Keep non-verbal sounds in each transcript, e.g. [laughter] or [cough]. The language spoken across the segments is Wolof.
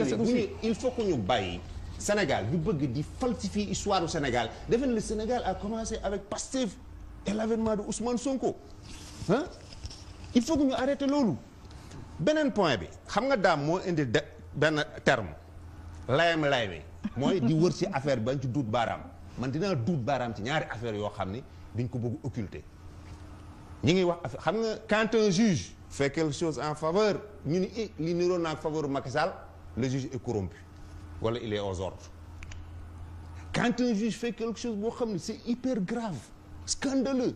il faut que y le Sénégal vous bëgg di falsifier histoire du Sénégal le Sénégal a commencé avec Pastef et l'avènement de Ousmane Sonko hein? il faut que nous arrêter Ben un point bi terme layam affaire affaire occulter quand un juge fait quelque chose en faveur il ni a eh, li en faveur Macky Sall le juge est corrompu voilà il est aux ordres quand un juge fait quelque chose c'est hyper grave scandaleux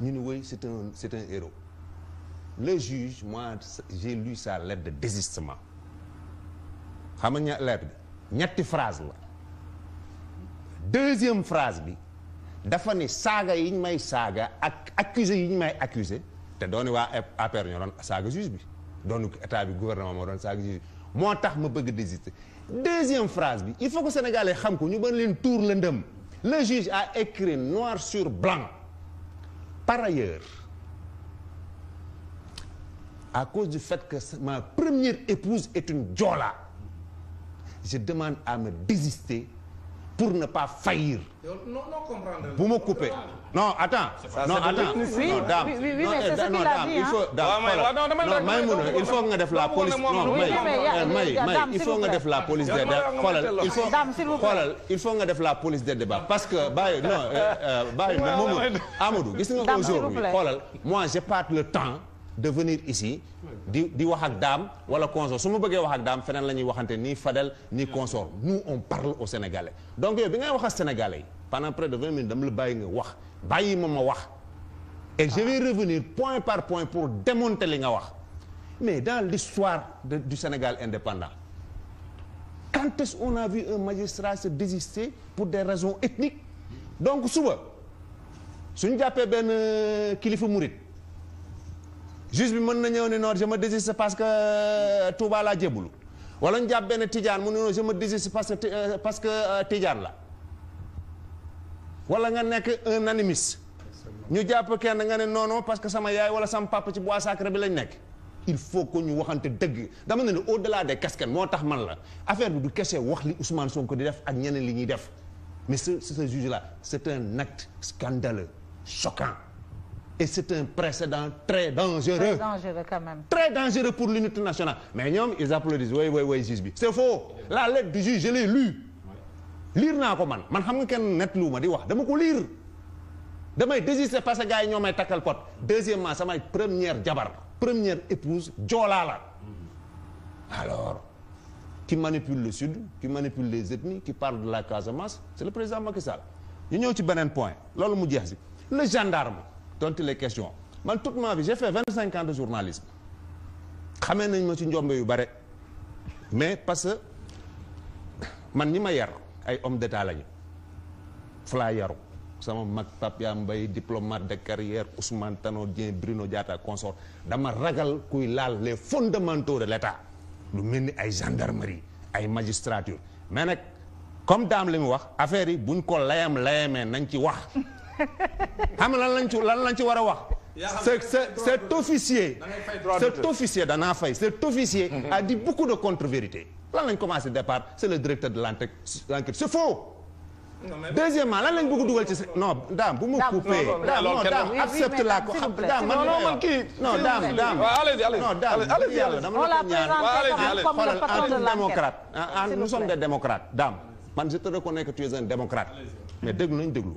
ñu c'est un c'est un héros le juge moi j'ai lu sa lettre de désistement xam l'air lettre phrase deuxième phrase bi dafa saga saaga yi ñu may saaga ak accusé yi may accusé te doon waa APR juge bi Donu état bi gouvernement moo saga juge ma désister deuxième phrase il faut que sénégalais xam ko ñu le juge a écrit noir sur blanc par ailleurs à cause du fait que ma première épouse est une djola, je demande à me désister pour ne pas faillir. Non, non, comprendre. Vous me coupez. Non, attends. non, attends. Oui, non, dame. Oui, oui, mais c'est ce eh, qu'il a dit. Il faut, hein. dame, non, non. il faut que eh, def la police. Non, Maï, Maï, mais, il faut que def la police des débats. Il faut, xoolal, il faut que def la police des débats. Parce que, bah, non, [laughs] bah, mais Amadou, qu'est-ce que aujourd'hui, xoolal, moi, j'ai pas le temps de venir ici di di wax ak dame wala consort su beugé wax ak dame feneen lañuy waxanté ni Fadel ni consort nous on parle au Sénégalais donc yow bi ngay wax Sénégalais pendant près de 20 minutes dam le bàyyi nga wax bàyyi wax et je vais revenir point par point pour démonter li nga wax mais dans l'histoire du Sénégal indépendant quand est-ce qu'on a vu un magistrat se désister pour des raisons ethniques donc souba suñu jappé qu'il euh, kilifa mouride, juge bi mën na ñëw ne non je me désiste parce que euh, Touba laa jébbalu wala ñu jàpp benn tijaan mu ne non je me désiste parce que euh, parce que euh, tijaan la wala nga nekk un animiste ñu jàpp kenn nga ne non non parce que sama yaay wala sama papa ci bois sacré bi lañ nekk. il faut que ñu waxante dëgg dama ne la au delà des casquettes moo tax man la affaire bi du kese wax li soo ko di def ak ñeneen li ñuy def mais ce ce juge là c' est un acte scandaleux choquant. Et c'est un précédent très dangereux. Très dangereux quand même. Très dangereux pour l'unité nationale. Mais ils applaudissent. Oui, oui, oui, juge. C'est faux. La lettre du juge, je l'ai lue. Lire n'a pas man man xam nga kenn net lu ma di wax dama ko lire damay désister parce que gars yi ñoo may takkal kot deuxièmement ma première jabar première épouse Djolala. alors qui manipule le sud qui manipule les ethnies qui parle de la Casamance c'est le président Macky Sall ñu tu ci un point mu le gendarme dont il est question man toute ma vie j'ai fait 25 ans de journalisme xamee nañ ma ci njombe yu bare mais parce que man ñi ma yar ay homme d'état lañu fa laa yaru sama mag Papia Mbaye diplomate de carrière Ousmane Tanor Dieng Bruno Diatta consort dama ragal kuy les fondamentaux de l'état lu mel ni ay gendarmerie ay magistrature mais comme dame li mu wax affaire yi buñ ko layam layamee [laughs] xam lan lan lan ci wara wax. C'est, c'est, cet officier cet officier dana fay cet officier [laughs] a dit beaucoup de contre vérité lan lañ commencé départ c'est le directeur de l'enquête c'est faux deuxièmement lan lañ bëgg a ci non dame, vous me coupez. Dame, non accepte la ko xam daam non man non dame, daam non allez, dame, allez, la ko ñaan xoolal en tant que démocrate ah, ah, nous sommes des démocrates dame. man je te reconnais que tu es un démocrate mais déglu nañ déglu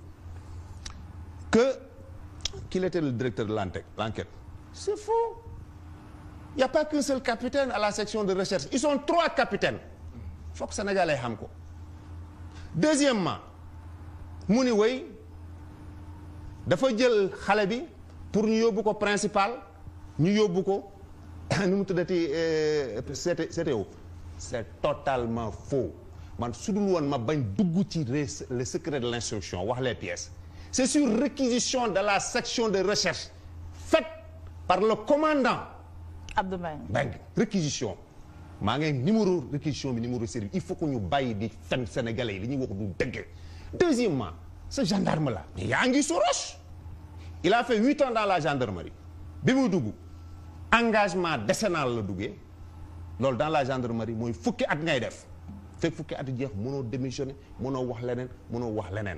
qu'il était le directeur de l'enquête. C'est faux. Il n'y a pas qu'un seul capitaine à la section de recherche. Ils sont trois capitaines. Il faut que Sénégal ait Hamko. Deuxièmement, il dafa jël le bi pour ñu yóbbu ko principal ñu yóbbu ko [coughs] nu mu euh, c'est totalement faux man su le woon ma bañ dugg ci le secret de l'instruction wax les pièces c'est sur réquisition de la section de recherche faite par le commandant. Abdoulaye réquisition maa ngi numéro réquisition bi numéro service il faut que nous bàyyi des femmes sénégalais yi li ñuy deuxièmement ce gendarme là mais yaa ngi Soros il a fait huit ans dans la gendarmerie bi muy engagement décennal la duggee Lors dans la gendarmerie mooy fukki at ngay def Il fukki at jeex mënoo démissionner mënoo wax leneen mënoo wax leneen.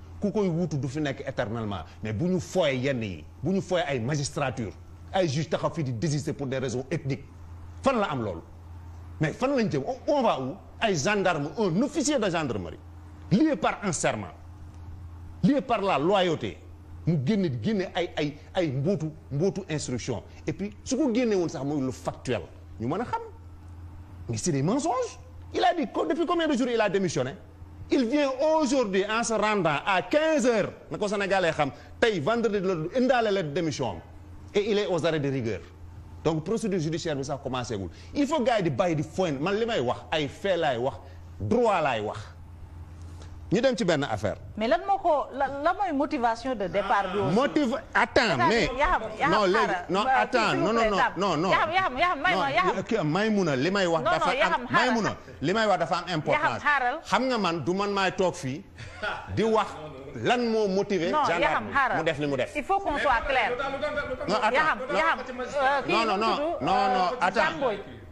ku koy wuutu du fi nekk éternellement mais bu ñu fooyee yenn yi bu ñu fooyee ay magistrature ay juge taxaw fii di désister pour des raisons ethniques fan la am loolu mais fan lañ jëm on va où ay gendarme un officier de gendarmerie lié par un serment lié par la loyauté mu génne génne ay ay ay mbootu mbootu instruction et puis su ko génne woon sax mooy lu factuel ñu mën xam mais c'est des mensonges il a dit depuis combien de jours il a démissionné il vient aujourd'hui en se rendant à 15 heures na ko sénégalais xam tey vendredi la lettre de démission et il est aux arrêts de rigueur donc procédure judiciaire ça commence commencé il faut garder yi di bàyyi di foyn man li may wax ay droit la wax affaire. mais la motivation de départ. motive attends mais non non attends non non non non. non non non non man il faut qu'on soit clair. non euh, non non non non euh, non xoolal xam nga lu tax mais ko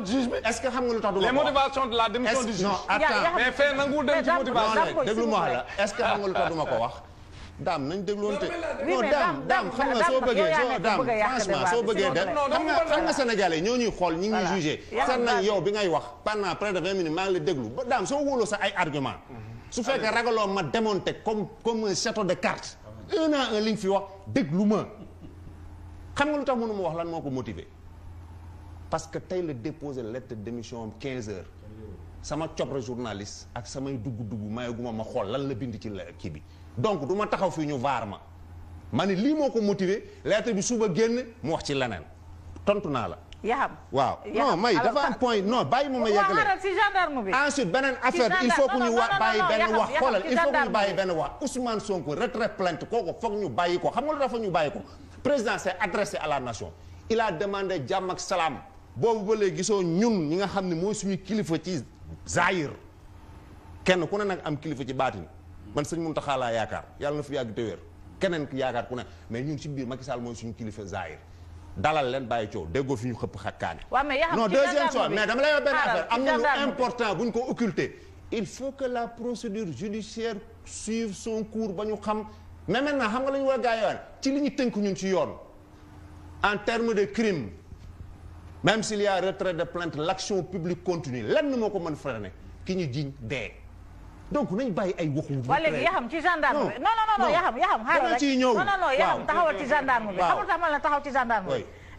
que xam nga lu tax du ma ko les motivations la démission du juge. non attends wax que xam nga lu ko wax. daam nañ dégloonte non daam daam xam nga soo bëggee soo daam franchement soo bëggee de xam nga xam nga sénégalais ñoo ñuy xool ñi ngi ñuy jugé nañ yow bi ngay wax pendant près de vingt minutes maa ngi la déglu ba daam soo wóoloo sa ay argument su fekkee ragaloo ma demoon te comme un château de cartes un à un li nga fi wax déglu ma xam nga lu tax mënu ma wax lan moo ko motiver parce que tey la déposé lettre de démission am 15 heures sama cobre journaliste ak samay dugg-dugg mayaguma ma xool lan la bind ci kii bi donc du ma taxaw fii ñu vaar ma ma ne lii moo ko motivé lettre bi suba génn mu wax ci leneen tontu naa la. yaa waaw non may dafa am point non bàyyi mu ma yeggale si gendarme bi ensuite beneen affaire il faut que ñu wa bàyyi benn wax xoolal il faut que ñu bàyyi benn wax Ousmane Sonko retrait plainte kooku foog ñu bàyyi ko xam nga lu dafa ñu bàyyi président s'est adressé à la nation il a demandé jàmm ak salaam boobu ba léegi gisoo ñun ñi nga xam ne mooy suñu kilifa ci zaayir kenn ku ne nag am kilifa ci baatin man sëñ Muntaxa laa yaakaar yàlla na fi yàgg te wér keneen ki yaakaar ku ne mais ñun ci biir Macky Sall mooy suñu kilifa dalal leen bàyyi coow déggoo fi ñu xëpp xakkaane non deuxième fois mais dama am na lu important bu ñu ko occulté il faut que la procédure judiciaire suive son cours ba ñu xam mais maintenant xam nga la ñu war a ci li ñu tënk ñun ci yoon en terme de crime même s'il y a retrait de plainte l'action publique continue lenn nous ne. nous donc nous ay Voilà, il y a ci gendarme Non, non non non non non non gendarme gendarme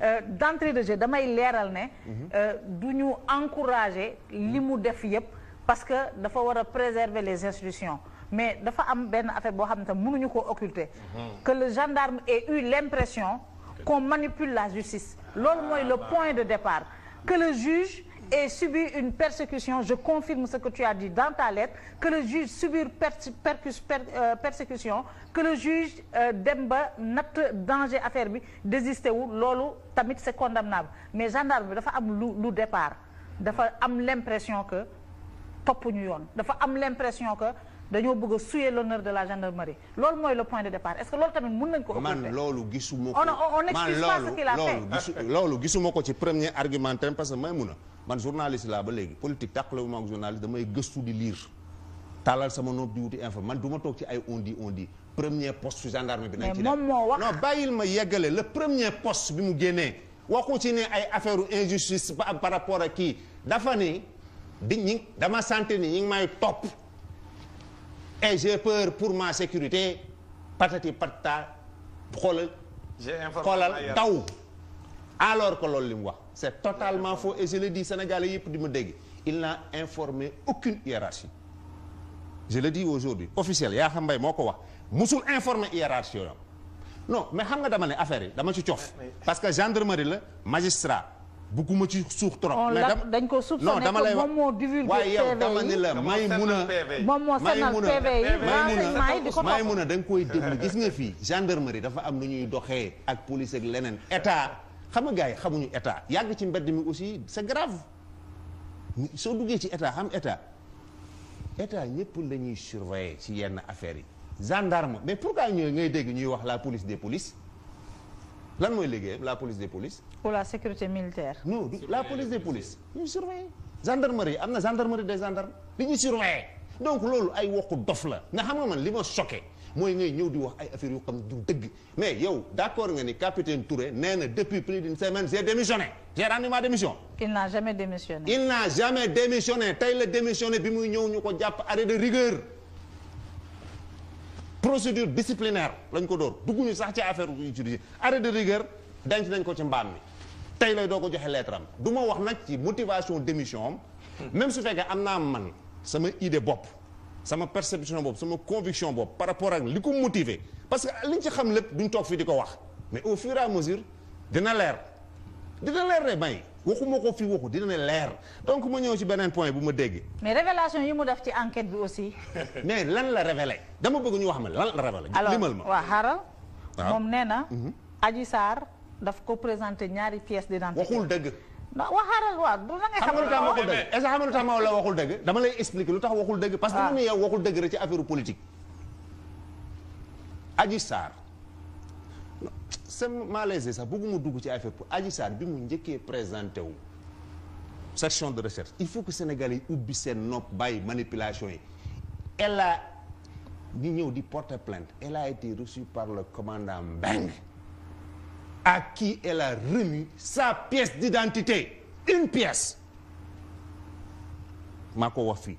euh, d'entrée de jeu mhm. euh, encourager parce que de préserver les institutions mais de am ben affaire xam occulter mhm. que le gendarme ait eu l'impression manipule la justice. l'homme est le point de départ que le juge ait subi une persécution je confirme ce que tu as dit dans ta lettre que le juge subit une euh, persécution que le juge euh, d'emba notre danger affaire bi désister ou l'eau tamit c'est condamnable mais gendarme le départ dafa am l'impression que top l'impression que dañoo bëgg a souiller l'honneur de la gendarmerie loolu mooy le point de départ est-ce que loolu tamit mën nañ ko occulter man loolu gisuma ko on n'explique pas ce qu'il a fait loolu gisuma ko ci premier argumentaire parce que may mun a man journaliste laa ba léegi politique tàqale bu ma ak journaliste damay gëstu di lire taalal sama nopp di wuti info man du ma toog ci ay ondi ondi premier poste su gendarme bi nañ ci moom moo wax bàyyil ma yeggale le premier poste bi mu génnee waxu ci ne ay affaire injustice par rapport ak kii dafa ni di ñi dama santé ni ñi ngi may topp et j'ai peur pour ma sécurité patati patata alors que c'est totalement faux et je le dis Sénégalais il n'a informé aucune hiérarchie je le dis aujourd'hui officiel il xam hiérarchie non mais je nga affaire parce que gendarmerie le magistrat bugguma ci suux trop. mais dañ ko non que moom moo divulgué waaye yow dama ne la may mun a moom moo sennal PV yi renseignement yi di ko topp may mun a dañ koy déglu gis nga fii gendarmerie dafa am lu ñuy doxee ak police ak leneen état xam nga gars yi xamuñu état yàgg ci mbedd mi aussi c'est grave soo duggee ci état xam état état ñëpp la ñuy surveiller ci yenn affaires yi gendarme mais pourquoi ñooy ngay dégg ñuy wax la police des polices lan mooy la police des polices. ou la sécurité militaire. non la police des polices Ils surveillent. gendarmerie a na gendarmerie des gendarmes Ils nous donc loolu ay waxu dof la nga xam nga man li ma choqué mooy ngay ñëw di wax ay affaires yu du mais yow d'accord, nga capitaine Touré nee depuis plus d'une semaine j'ai démissionné j'ai rendu ma démission. il n'a jamais démissionné. il n'a jamais démissionné Il a démissionné bi il ñëw ñu ko arrêt de rigueur procédure disciplinaire lañ ko dóor dugguñu sax ci affaire utilisée arrêt de rigueur denc nañ ko ci mbam mi tay lay doo ko joxe lettre am duma wax nak ci motivation démission même su fekkee amna man sama idée ça sama perception bop sama conviction bop par rapport ak li motiver parce que liñ ci xam lepp duñ tok fi diko wax mais au fur et à mesure dina leer dina leer bay waxuma ko fi waxu dina ne leer donc ma ñëw ci beneen point bu ma dégg. mais révélation yi mu def ci enquête bi aussi. [laughs] mais lan la révélé dama bëgg ñu wax ma lan la révélé. limal ma alors waaw xaaral. waaw moom nee na. Mhm. Adji Sarr daf ko présenté ñaari pièces d'identité. waxul dëgg. waaw waxaaral waaw du la nga xam lu tax ma waxul dëgg la waxul dëgg dama lay expliquer lu tax waxul dëgg. parce que ah. mu ne yow waxul dëgg rek ci affaire politique. Adji Sarr. c'est malaisé ça bëgguma dugg ci fait. pour Adji qui est présenté cette section de recherche il faut que Sénégalais oublient ubbi bay manipulation elle a plainte elle a été reçue par le commandant Beng, à qui elle a remis sa pièce d'identité une pièce Mako Wafi.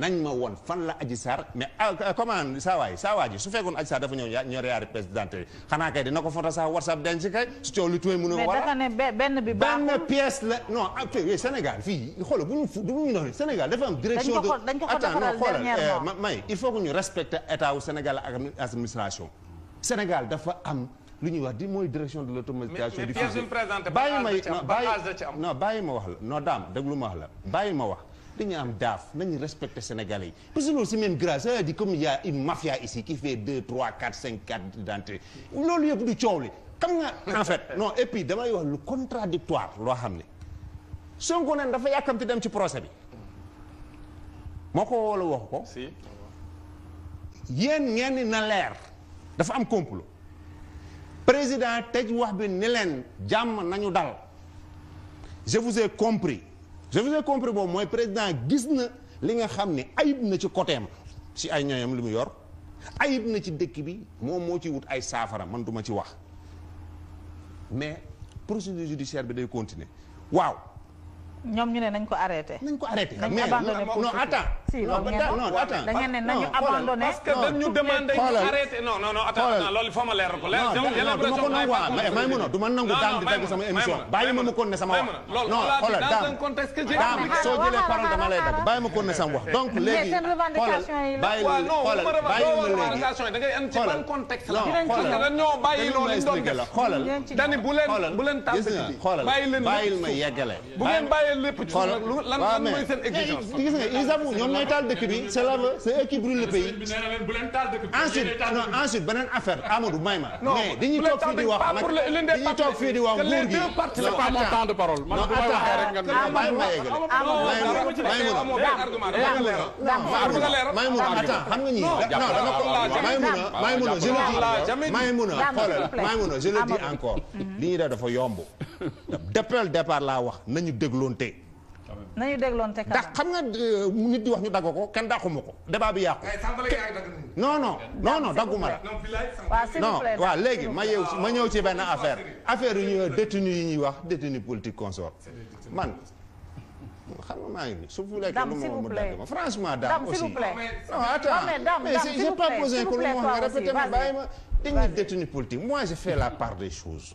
nañ ma woon fan la aji Sarr mais ah, ah, comment saa waay saa waa su fekkoon Adji Sarr dafa ñëw ñoo reyaari présidente yi xanaa kay dina ko photo sax whatsapp denc kay su coow lu tuwee mu ne wala dafa benn bi baaxul benn pièce la non ah, Sénégal fii xoolal bu ñu bu ñu doon Sénégal am direction de attends non xoolal eh, may il faut que ñu respecter état wu Sénégal ak administration dafa am lu ñuy wax di mooy direction de l'automatisation du bàyyi ma bàyyi ma wax la non daam déglu ma wax la bàyyi ma wax dañu am daaf nañu respecté Sénégalais yi parce que loolu c'est même grâce ça dit comme il y cinq quatre d'entrée loolu yëpp du coow li xam nga en fait non et puis damay wax lu contradictoire loo xam ne Sonko neen dafa yàkkamte dem ci procès bi moo ko woo la wax ko yéen ngeen na leer dafa am complot président tej wax bi ne leen jàmm nañu dal je vous ai compris je vous ai compris mooy président gis na li nga xam ne ayib na ci côté am si ay ñooñam li mu yor ayib na ci dëkk bi moom moo ci wut ay saafara man duma ci wax mais procédure judiciaire bi day continuer waaw. ñoom ñu ne nañ ko arrêté. nañ ko arrêté mais non attends si loolu ngeen wax da ngeen ne nañu abandonné. parce que dañ ñu demandé ñu arrêté non non non attends loolu il faut ma leer ko. non non du ma ko nangu waa may mun a du ma nangu daam di dagg sama émission bàyyi ma ma kon ne sama wax. non xoolal daam daam soo jëlee parole dama lay dagg bàyyi ma kon ne sama wax. donc léegi xoolal bàyyi xoolal bàyyi ma léegi xoolal xoolal xoolal dani bu leen bu leen tàmbali bi xoolal bàyyil ma yeggale bu ngeen bàyyee lépp ci lan lan mooy seen exigence ñooy taal dëkk bi c'est la c'est eux qui brûlent le pays. may ma. mais dañuy toog fii di wax nag dañuy toog fii di wax nguur gi. may mun a attends nga ñii. non dama ko may a may mun a je li ñuy def dafa yomb. depuis le laa wax nañu dégloonte. nañu dégloonte ndax xam nga euh, nit di wax ñu dagg ko kenn dàquma ko débat bi yàqu. Eh, non non non non dagguma la. non waaw léegi ma ma ñëw ci benn affaire affaire yu ñuy détenu yi ñuy wax détenu politique consort man. xam nga maa ngi su fekkee lu mu dàgg ma franchement daam aussi non attends mais j'ai pas posé que lu ma wax nga répété ma bàyyi ma dañuy détenu politique moi j'ai fait la part de choses.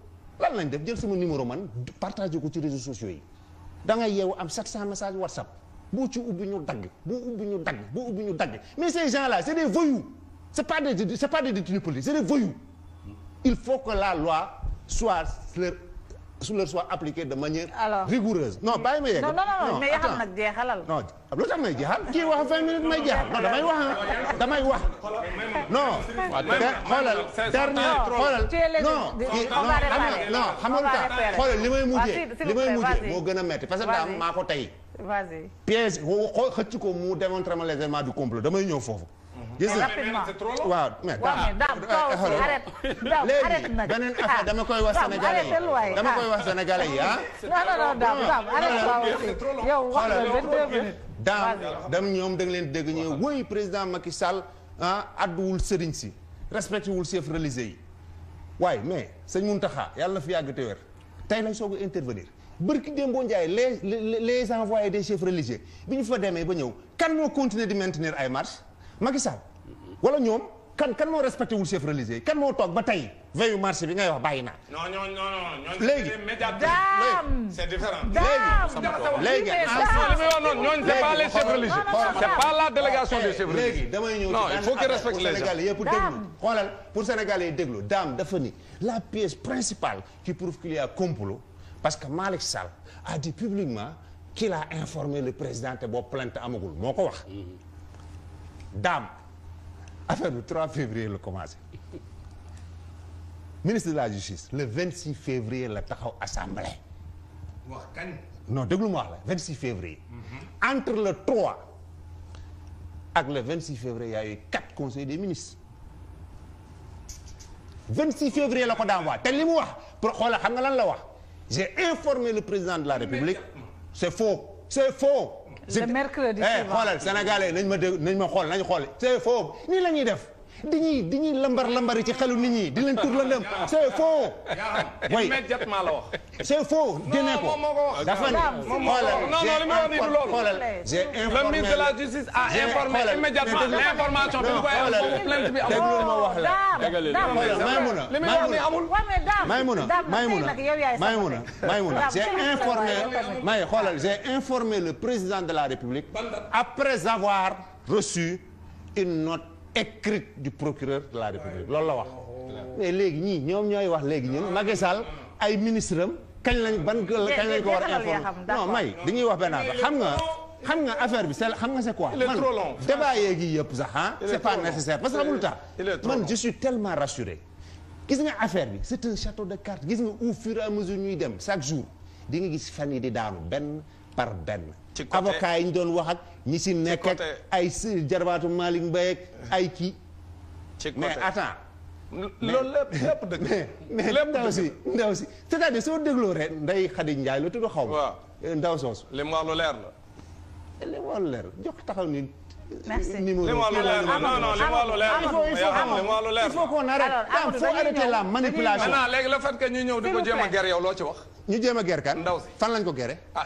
lan lañ def jël numéro man partagé ko réseaux sociaux yi da am WhatsApp ci vous mais ces gens là c'est des voyous c'est pas des c'est pas des détenus des voyous il faut que la loi soit su leur soit appliqué de manière rigoureuse non bàyyi ma yegg non non non mais yaxam nag jeexalal lu tax may jeexal kii wax may jeexal non damay wax damay wax non xoolal dernier xoolal xam li may mujjee li may mujjee moo gën a metti parce daam maa ko tey piège xëcc ko mu démontrer ma les éléments du complot damay ñëw foofu gis nga waaw mais daaw léegi beneen affaire dama koy wax sénégalais yi dama koy wax sénégalais yi ah. [laughs] non non daaw daaw arrêté yow wax nga vingt-deux minutes daaw dam ñoom da nga leen dégg ñu woy président Macky Sall ah adduwul sëriñ si respecté wul chef religieux yi waaye mais sëñ Mountakha yàlla na fi yàgg te wér tey lañ soog a intervenir. bërki Dembo Ndiaye les les envoyés des chefs religieux bi ñu fa demee ba ñëw kan moo continuer di maintenir ay marche Macky Sall wala ñoom kan kan moo respecté wul chef religieux kan moo toog ba tey veillu marché bi ngay wax bàyyi non non non non. léegi c'est différent. non ñooñu c'est pas les chefs religieux. c'est pas la délégation eh, des chefs religieux. non il faut qu'il respecte les gens. Sénégalais yëpp déglu xoolal pour Sénégalais yi déglu daam dafa la pièce principale qui prouve qu'il y a complot parce que Malick Sal a dit publiquement qu'il a informé le président te boo plainte amagul moo ko wax mm-hmm. daam affaire le 3 février le commencé ministre de la justice le 26 février la taxaw assemblée. non de gloire le 26 février. Mhm. entre le 3 et le 26 février il y a eu 4 conseils des ministres. 26 février le ko daan wax la loi j'ai informé le président de la république c'est faux c'est faux. le mercredi suivant xoolal sénégalais nañ ma dégg nañ ma xool nañ xool c'est faux nii la ñuy def. dañuy dañuy lambar lambari ci xelu nit ñi di leen tour la dem c'est faux. oui immédiatement la wax. c'est faux génne ko. dafa non non li ko wax j'ai informé le ministre de la justice a informé immédiatement l'information bi ñu koy plainte bi amul. ma wax la Maymuna Maymuna Maymuna Maymuna Maymuna j'ai informé may xolal j'ai informé le président de la République après avoir reçu une note écrite du procureur de la loolu la wax. Oh. mais léegi ñii ñoom ñooy wax léegi ñun Macky ay ministre am kañ lañ ban kañ lañ ko war a informer non may dañuy wax benn xam nga. xam nga affaire bi c'est xam nga se quoi man débat yeegi yëpp sax ah c'est pas nécessaire parce xamul tax man je suis tellement rassuré gis nga affaire bi c'est un château de cartes gis nga au fur et ñuy dem chaque jour di nga gis fan yi di daanu benn par benn. ci côté yi ñu doon wax ak ñi si nekk ak ay jarbaatu Malick Mbaye ak ay kii. ci côté mais attends. loolu lépp lépp dëgg. si ndaw si c'est-à-dire soo dégloo rek Ndeye Khady Ndiaye la tudd xaw ma. waaw euh, ndaw soosu. li mu lu leer la. li mu lu leer jox taxaw ni merci numéro ah, non non il faut qu'on arrête il faut arrêter la manipulation. maintenant léegi le fait que ñu ñëw di ko jéem a ger yow loo ci wax. ñu jéem a ger kan. ndaw si fan lañ ko geree. ah